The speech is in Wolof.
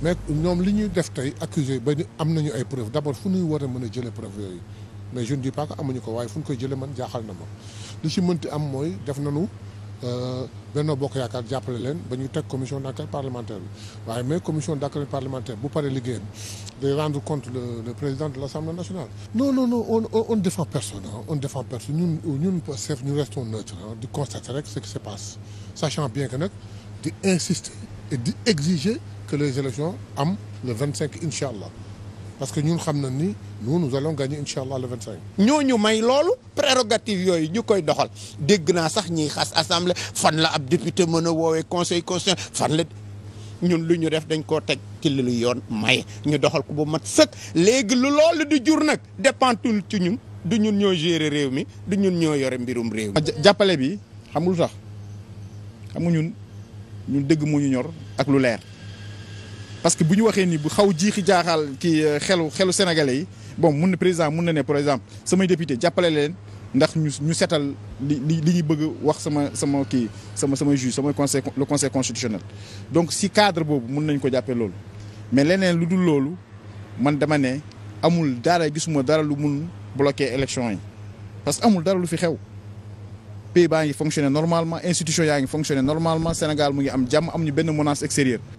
mais ñoom li ñuy def tey accusé ba am nañu ay preuve d'abord fu ñuy war a mën a jëlee preuve yooyu mais je ne dis pas que amuñu ko waaye fu ñu koy jëlee man jaaxal na ma li ci mënti am mooy def nañu euh, Benno Bokk Yaakaar jàppale leen ba ñu teg commission d'enquête parlementaire bi waaye mais commission d'enquête parlementaire bu paree liggéeyam day rendre compte le le président de l'Assemblée nationale. non non non on on ne défend on ne défend ñun ñun chef se passe sachant bien que nag et di exiger que les élections am le 25 incha allah parce que ñun xam na ni nous nous allons gagner incha allah le 25. ñooñu may loolu prérogative yooyu ñu koy doxal dégg naa sax ñiy xas assemblée fan la ab député mën a woowee conseil constitutionnel fan la ñun lu ñu def dañ koo teg ci li yoon may ñu doxal ko bu mat sëkk léegi lu loolu di jur nag dépendul ci ñun du ñun ñoo gérer réew mi du ñun ñoo yore mbirum réew mi. Ah, jàppale bi xamul sax ñun dégg mu ñu ñor ak lu leer parce que bu ñu waxee nii bu xaw jiixi jaaxal ki euh, xelu xelu sénégalais yi bon mun na président mun na ne par exemple samay député jàppale leen ndax ñu ñu setal li li li ñu bëgg wax sama sama kii sama sama juge sama conseil le conseil constitutionnel donc si cadre boobu mun nañ ko jàppee loolu mais leneen lu dul loolu man dama ne amul dara gisuma dara lu mun bloquer élection yi parce que amul dara lu fi xew pays baa ngi fonctionné normalement institution yaa ngi fonctionné normalement Sénégal mu ngi am jàmm am ñu benn menace extérieure